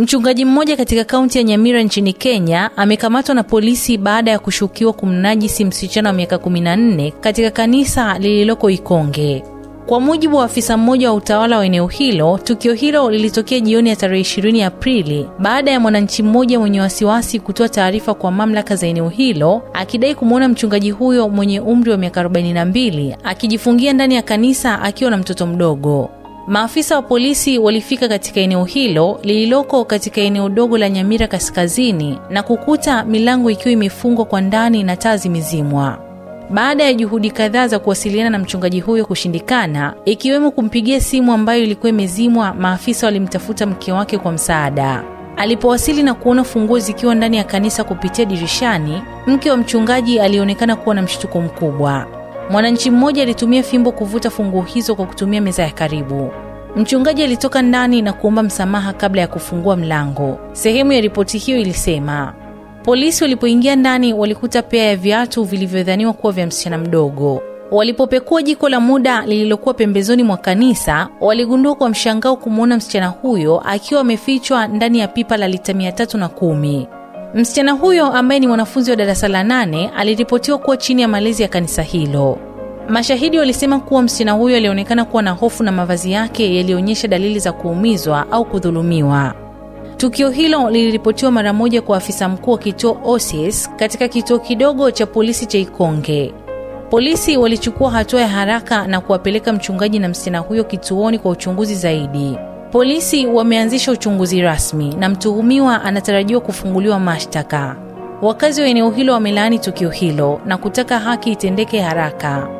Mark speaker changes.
Speaker 1: Mchungaji mmoja katika kaunti ya Nyamira nchini Kenya amekamatwa na polisi baada ya kushukiwa kumnajisi msichana wa miaka 14 katika kanisa lililoko Ikonge. Kwa mujibu wa afisa mmoja wa utawala wa eneo hilo, tukio hilo lilitokea jioni ya tarehe 20 Aprili baada ya mwananchi mmoja mwenye wasiwasi kutoa taarifa kwa mamlaka za eneo hilo akidai kumwona mchungaji huyo mwenye umri wa miaka 42 akijifungia ndani ya kanisa akiwa na mtoto mdogo. Maafisa wa polisi walifika katika eneo hilo lililoko katika eneo dogo la Nyamira kaskazini na kukuta milango ikiwa imefungwa kwa ndani na taa zimezimwa. Baada ya juhudi kadhaa za kuwasiliana na mchungaji huyo kushindikana, ikiwemo kumpigia simu ambayo ilikuwa imezimwa, maafisa walimtafuta mke wake kwa msaada. Alipowasili na kuona funguo zikiwa ndani ya kanisa kupitia dirishani, mke wa mchungaji alionekana kuwa na mshtuko mkubwa. Mwananchi mmoja alitumia fimbo kuvuta funguo hizo kwa kutumia meza ya karibu. Mchungaji alitoka ndani na kuomba msamaha kabla ya kufungua mlango. Sehemu ya ripoti hiyo ilisema polisi walipoingia ndani walikuta pea ya viatu vilivyodhaniwa kuwa vya msichana mdogo. Walipopekua jiko la muda lililokuwa pembezoni mwa kanisa, waligundua kwa mshangao kumwona msichana huyo akiwa amefichwa ndani ya pipa la lita mia tatu na kumi. Msichana huyo ambaye ni mwanafunzi wa darasa la nane aliripotiwa kuwa chini ya malezi ya kanisa hilo. Mashahidi walisema kuwa msichana huyo alionekana kuwa na hofu na mavazi yake yalionyesha dalili za kuumizwa au kudhulumiwa. Tukio hilo liliripotiwa mara moja kwa afisa mkuu wa kituo OSIS katika kituo kidogo cha polisi cha Ikonge. Polisi walichukua hatua ya haraka na kuwapeleka mchungaji na msichana huyo kituoni kwa uchunguzi zaidi. Polisi wameanzisha uchunguzi rasmi na mtuhumiwa anatarajiwa kufunguliwa mashtaka. Wakazi wa eneo hilo wamelaani tukio hilo na kutaka haki itendeke haraka.